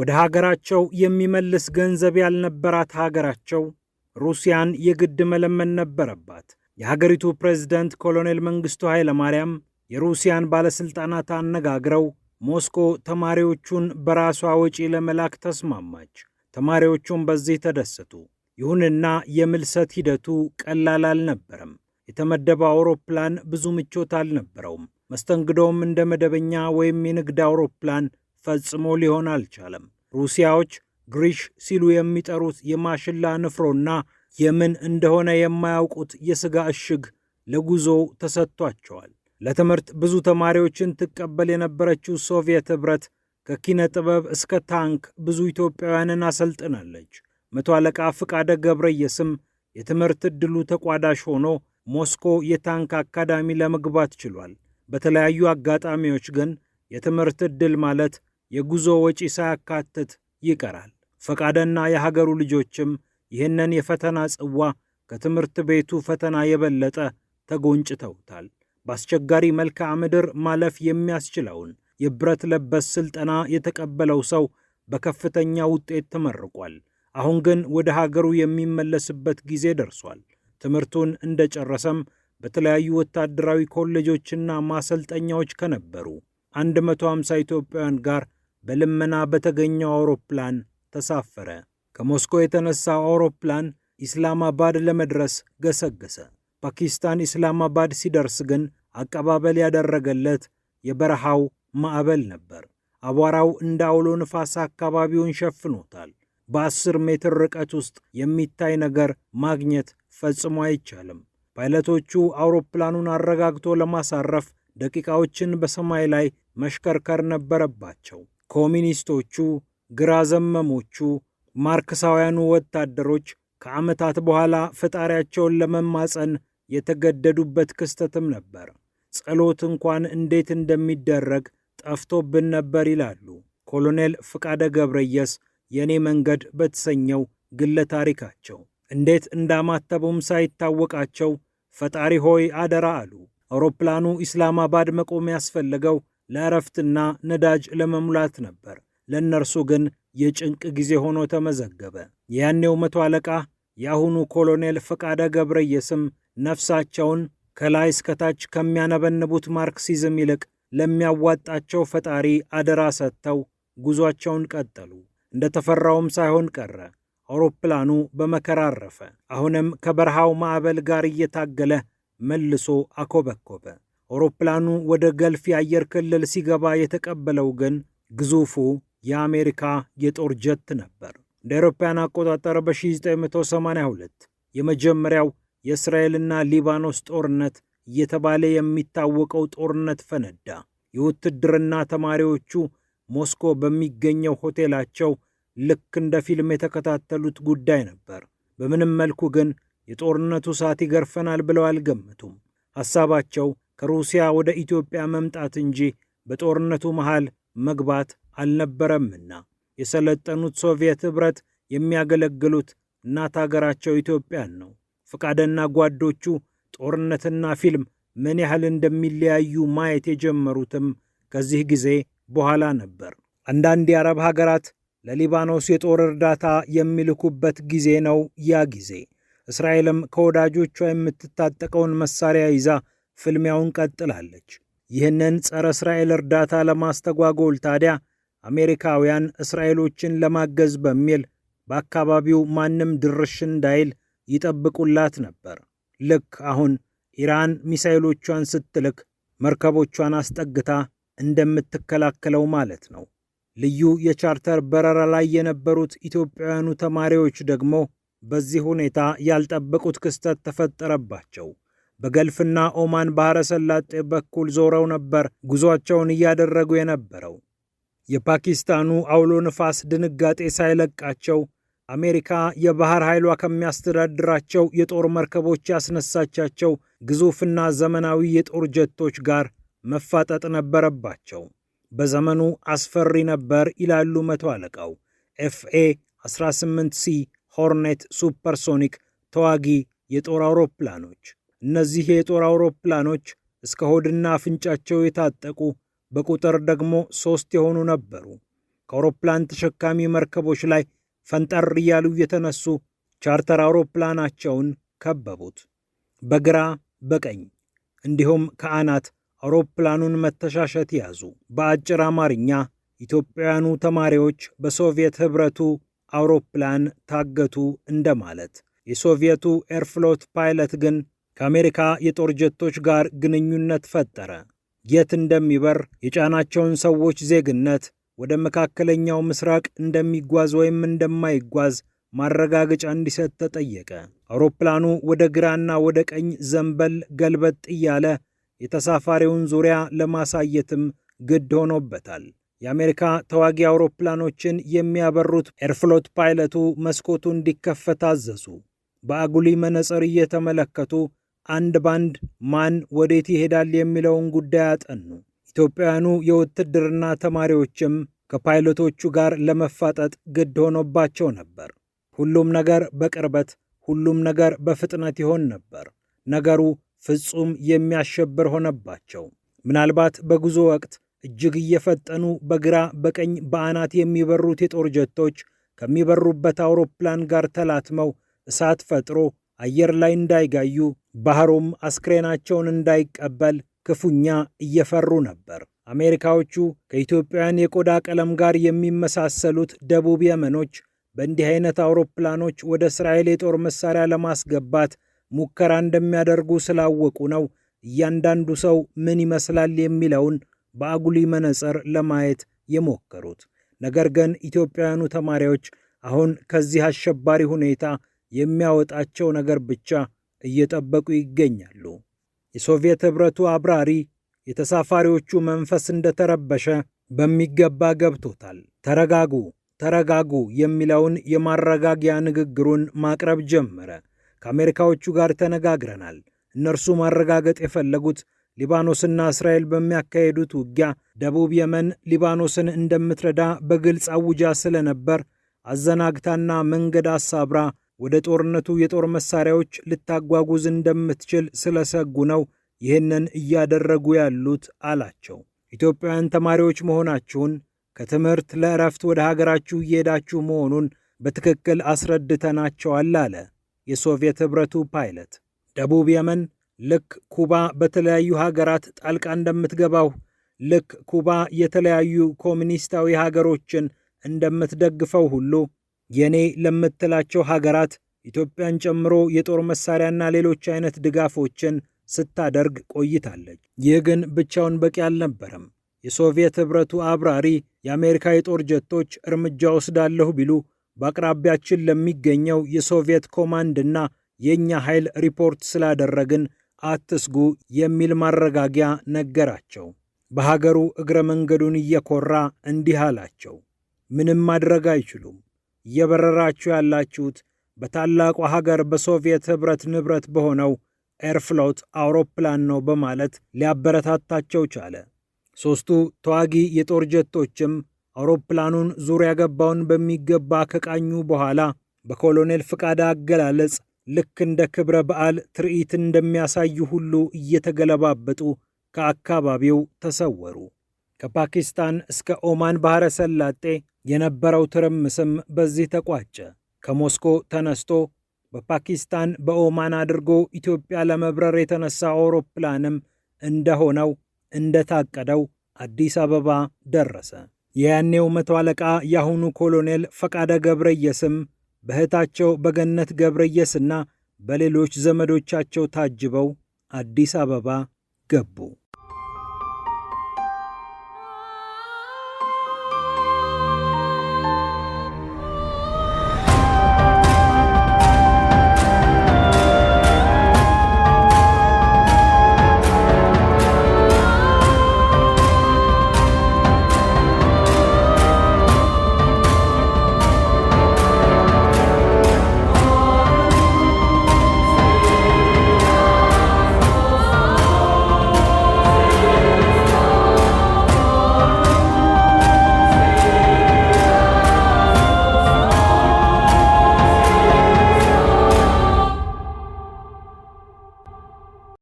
ወደ ሀገራቸው የሚመልስ ገንዘብ ያልነበራት ሀገራቸው ሩሲያን የግድ መለመን ነበረባት። የሀገሪቱ ፕሬዝደንት ኮሎኔል መንግሥቱ ኃይለማርያም የሩሲያን ባለሥልጣናት አነጋግረው ሞስኮ ተማሪዎቹን በራሷ ወጪ ለመላክ ተስማማች። ተማሪዎቹም በዚህ ተደሰቱ። ይሁንና የምልሰት ሂደቱ ቀላል አልነበረም። የተመደበ አውሮፕላን ብዙ ምቾት አልነበረውም። መስተንግዶውም እንደ መደበኛ ወይም የንግድ አውሮፕላን ፈጽሞ ሊሆን አልቻለም። ሩሲያዎች ግሪሽ ሲሉ የሚጠሩት የማሽላ ንፍሮና የምን እንደሆነ የማያውቁት የሥጋ እሽግ ለጉዞው ተሰጥቷቸዋል። ለትምህርት ብዙ ተማሪዎችን ትቀበል የነበረችው ሶቪየት ኅብረት ከኪነ ጥበብ እስከ ታንክ ብዙ ኢትዮጵያውያንን አሰልጥናለች። መቶ አለቃ ፍቃደ ገብረየስም የትምህርት ዕድሉ ተቋዳሽ ሆኖ ሞስኮ የታንክ አካዳሚ ለመግባት ችሏል። በተለያዩ አጋጣሚዎች ግን የትምህርት ዕድል ማለት የጉዞ ወጪ ሳያካትት ይቀራል። ፈቃደና የሀገሩ ልጆችም ይህንን የፈተና ጽዋ ከትምህርት ቤቱ ፈተና የበለጠ ተጎንጭተውታል። በአስቸጋሪ መልክዓ ምድር ማለፍ የሚያስችለውን የብረት ለበስ ስልጠና የተቀበለው ሰው በከፍተኛ ውጤት ተመርቋል። አሁን ግን ወደ ሀገሩ የሚመለስበት ጊዜ ደርሷል። ትምህርቱን እንደጨረሰም በተለያዩ ወታደራዊ ኮሌጆችና ማሰልጠኛዎች ከነበሩ 150 ኢትዮጵያውያን ጋር በልመና በተገኘው አውሮፕላን ተሳፈረ። ከሞስኮ የተነሳው አውሮፕላን ኢስላማባድ ለመድረስ ገሰገሰ። ፓኪስታን ኢስላማባድ ሲደርስ ግን አቀባበል ያደረገለት የበረሃው ማዕበል ነበር። አቧራው እንደ አውሎ ንፋስ አካባቢውን ሸፍኖታል። በአስር ሜትር ርቀት ውስጥ የሚታይ ነገር ማግኘት ፈጽሞ አይቻልም። ፓይለቶቹ አውሮፕላኑን አረጋግቶ ለማሳረፍ ደቂቃዎችን በሰማይ ላይ መሽከርከር ነበረባቸው። ኮሚኒስቶቹ፣ ግራ ዘመሞቹ፣ ማርክሳውያኑ ወታደሮች ከዓመታት በኋላ ፈጣሪያቸውን ለመማፀን የተገደዱበት ክስተትም ነበር። ጸሎት እንኳን እንዴት እንደሚደረግ ጠፍቶብን ነበር ይላሉ ኮሎኔል ፍቃደ ገብረየስ የእኔ መንገድ በተሰኘው ግለ ታሪካቸው። እንዴት እንዳማተቡም ሳይታወቃቸው ፈጣሪ ሆይ አደራ አሉ። አውሮፕላኑ ኢስላማባድ መቆም ያስፈለገው ለእረፍትና ነዳጅ ለመሙላት ነበር። ለእነርሱ ግን የጭንቅ ጊዜ ሆኖ ተመዘገበ። የያኔው መቶ አለቃ የአሁኑ ኮሎኔል ፈቃደ ገብረየስም ነፍሳቸውን ከላይ እስከታች ከሚያነበንቡት ማርክሲዝም ይልቅ ለሚያዋጣቸው ፈጣሪ አደራ ሰጥተው ጉዟቸውን ቀጠሉ። እንደተፈራውም ሳይሆን ቀረ። አውሮፕላኑ በመከራ አረፈ። አሁንም ከበረሃው ማዕበል ጋር እየታገለ መልሶ አኮበኮበ። አውሮፕላኑ ወደ ገልፍ የአየር ክልል ሲገባ የተቀበለው ግን ግዙፉ የአሜሪካ የጦር ጀት ነበር። እንደ አውሮፓውያን አቆጣጠር በ1982 የመጀመሪያው የእስራኤልና ሊባኖስ ጦርነት እየተባለ የሚታወቀው ጦርነት ፈነዳ። የውትድርና ተማሪዎቹ ሞስኮ በሚገኘው ሆቴላቸው ልክ እንደ ፊልም የተከታተሉት ጉዳይ ነበር። በምንም መልኩ ግን የጦርነቱ ሰዓት ይገርፈናል ብለው አልገመቱም። ሐሳባቸው ከሩሲያ ወደ ኢትዮጵያ መምጣት እንጂ በጦርነቱ መሃል መግባት አልነበረምና የሰለጠኑት ሶቪየት ኅብረት የሚያገለግሉት እናት አገራቸው ኢትዮጵያን ነው። ፈቃደና ጓዶቹ ጦርነትና ፊልም ምን ያህል እንደሚለያዩ ማየት የጀመሩትም ከዚህ ጊዜ በኋላ ነበር። አንዳንድ የአረብ ሀገራት ለሊባኖስ የጦር እርዳታ የሚልኩበት ጊዜ ነው ያ ጊዜ። እስራኤልም ከወዳጆቿ የምትታጠቀውን መሳሪያ ይዛ ፍልሚያውን ቀጥላለች። ይህንን ጸረ እስራኤል እርዳታ ለማስተጓጎል ታዲያ አሜሪካውያን እስራኤሎችን ለማገዝ በሚል በአካባቢው ማንም ድርሽ እንዳይል ይጠብቁላት ነበር። ልክ አሁን ኢራን ሚሳይሎቿን ስትልክ መርከቦቿን አስጠግታ እንደምትከላከለው ማለት ነው። ልዩ የቻርተር በረራ ላይ የነበሩት ኢትዮጵያውያኑ ተማሪዎች ደግሞ በዚህ ሁኔታ ያልጠበቁት ክስተት ተፈጠረባቸው። በገልፍና ኦማን ባሕረ ሰላጤ በኩል ዞረው ነበር ጉዟቸውን እያደረጉ የነበረው። የፓኪስታኑ አውሎ ንፋስ ድንጋጤ ሳይለቃቸው አሜሪካ የባሕር ኃይሏ ከሚያስተዳድራቸው የጦር መርከቦች ያስነሳቻቸው ግዙፍና ዘመናዊ የጦር ጀቶች ጋር መፋጠጥ ነበረባቸው። በዘመኑ አስፈሪ ነበር ይላሉ መቶ አለቃው። ኤፍኤ 18 ሲ ሆርኔት ሱፐርሶኒክ ተዋጊ የጦር አውሮፕላኖች እነዚህ የጦር አውሮፕላኖች እስከ ሆድና አፍንጫቸው የታጠቁ በቁጥር ደግሞ ሦስት የሆኑ ነበሩ። ከአውሮፕላን ተሸካሚ መርከቦች ላይ ፈንጠር እያሉ የተነሱ ቻርተር አውሮፕላናቸውን ከበቡት። በግራ በቀኝ እንዲሁም ከአናት አውሮፕላኑን መተሻሸት ያዙ። በአጭር አማርኛ ኢትዮጵያውያኑ ተማሪዎች በሶቪየት ኅብረቱ አውሮፕላን ታገቱ እንደማለት። የሶቪየቱ ኤርፍሎት ፓይለት ግን ከአሜሪካ የጦር ጀቶች ጋር ግንኙነት ፈጠረ። የት እንደሚበር የጫናቸውን ሰዎች ዜግነት፣ ወደ መካከለኛው ምስራቅ እንደሚጓዝ ወይም እንደማይጓዝ ማረጋገጫ እንዲሰጥ ተጠየቀ። አውሮፕላኑ ወደ ግራና ወደ ቀኝ ዘንበል ገልበጥ እያለ የተሳፋሪውን ዙሪያ ለማሳየትም ግድ ሆኖበታል። የአሜሪካ ተዋጊ አውሮፕላኖችን የሚያበሩት ኤርፍሎት ፓይለቱ መስኮቱ እንዲከፈት አዘዙ። በአጉሊ መነጽር እየተመለከቱ አንድ ባንድ ማን ወዴት ይሄዳል የሚለውን ጉዳይ አጠኑ። ኢትዮጵያውያኑ የውትድርና ተማሪዎችም ከፓይለቶቹ ጋር ለመፋጠጥ ግድ ሆኖባቸው ነበር። ሁሉም ነገር በቅርበት ሁሉም ነገር በፍጥነት ይሆን ነበር። ነገሩ ፍጹም የሚያሸብር ሆነባቸው። ምናልባት በጉዞ ወቅት እጅግ እየፈጠኑ በግራ በቀኝ በአናት የሚበሩት የጦር ጀቶች ከሚበሩበት አውሮፕላን ጋር ተላትመው እሳት ፈጥሮ አየር ላይ እንዳይጋዩ ባህሩም አስክሬናቸውን እንዳይቀበል ክፉኛ እየፈሩ ነበር። አሜሪካዎቹ ከኢትዮጵያውያን የቆዳ ቀለም ጋር የሚመሳሰሉት ደቡብ የመኖች በእንዲህ አይነት አውሮፕላኖች ወደ እስራኤል የጦር መሳሪያ ለማስገባት ሙከራ እንደሚያደርጉ ስላወቁ ነው እያንዳንዱ ሰው ምን ይመስላል የሚለውን በአጉሊ መነጽር ለማየት የሞከሩት። ነገር ግን ኢትዮጵያውያኑ ተማሪዎች አሁን ከዚህ አሸባሪ ሁኔታ የሚያወጣቸው ነገር ብቻ እየጠበቁ ይገኛሉ። የሶቪየት ኅብረቱ አብራሪ የተሳፋሪዎቹ መንፈስ እንደተረበሸ በሚገባ ገብቶታል። ተረጋጉ ተረጋጉ የሚለውን የማረጋጊያ ንግግሩን ማቅረብ ጀመረ። ከአሜሪካዎቹ ጋር ተነጋግረናል። እነርሱ ማረጋገጥ የፈለጉት ሊባኖስና እስራኤል በሚያካሄዱት ውጊያ ደቡብ የመን ሊባኖስን እንደምትረዳ በግልጽ አውጃ ስለነበር አዘናግታና መንገድ አሳብራ ወደ ጦርነቱ የጦር መሳሪያዎች ልታጓጉዝ እንደምትችል ስለሰጉ ነው ይህንን እያደረጉ ያሉት አላቸው። ኢትዮጵያውያን ተማሪዎች መሆናችሁን ከትምህርት ለእረፍት ወደ ሀገራችሁ እየሄዳችሁ መሆኑን በትክክል አስረድተናቸዋል አለ የሶቪየት ኅብረቱ ፓይለት። ደቡብ የመን ልክ ኩባ በተለያዩ ሀገራት ጣልቃ እንደምትገባው ልክ ኩባ የተለያዩ ኮሚኒስታዊ ሀገሮችን እንደምትደግፈው ሁሉ የኔ ለምትላቸው ሀገራት ኢትዮጵያን ጨምሮ የጦር መሳሪያና ሌሎች አይነት ድጋፎችን ስታደርግ ቆይታለች። ይህ ግን ብቻውን በቂ አልነበረም። የሶቪየት ኅብረቱ አብራሪ የአሜሪካ የጦር ጀቶች እርምጃ ወስዳለሁ ቢሉ በአቅራቢያችን ለሚገኘው የሶቪየት ኮማንድና የእኛ ኃይል ሪፖርት ስላደረግን አትስጉ የሚል ማረጋጊያ ነገራቸው። በሀገሩ እግረ መንገዱን እየኮራ እንዲህ አላቸው፣ ምንም ማድረግ አይችሉም። እየበረራችሁ ያላችሁት በታላቁ ሀገር በሶቪየት ኅብረት ንብረት በሆነው ኤርፍሎት አውሮፕላን ነው በማለት ሊያበረታታቸው ቻለ። ሦስቱ ተዋጊ የጦር ጀቶችም አውሮፕላኑን ዙሪያ ገባውን በሚገባ ከቃኙ በኋላ በኮሎኔል ፍቃድ አገላለጽ ልክ እንደ ክብረ በዓል ትርኢት እንደሚያሳዩ ሁሉ እየተገለባበጡ ከአካባቢው ተሰወሩ። ከፓኪስታን እስከ ኦማን ባሕረ ሰላጤ የነበረው ትርምስም በዚህ ተቋጨ። ከሞስኮ ተነስቶ በፓኪስታን በኦማን አድርጎ ኢትዮጵያ ለመብረር የተነሳ አውሮፕላንም እንደሆነው እንደታቀደው አዲስ አበባ ደረሰ። የያኔው መቶ አለቃ የአሁኑ ኮሎኔል ፈቃደ ገብረየስም በእህታቸው በገነት ገብረየስና በሌሎች ዘመዶቻቸው ታጅበው አዲስ አበባ ገቡ።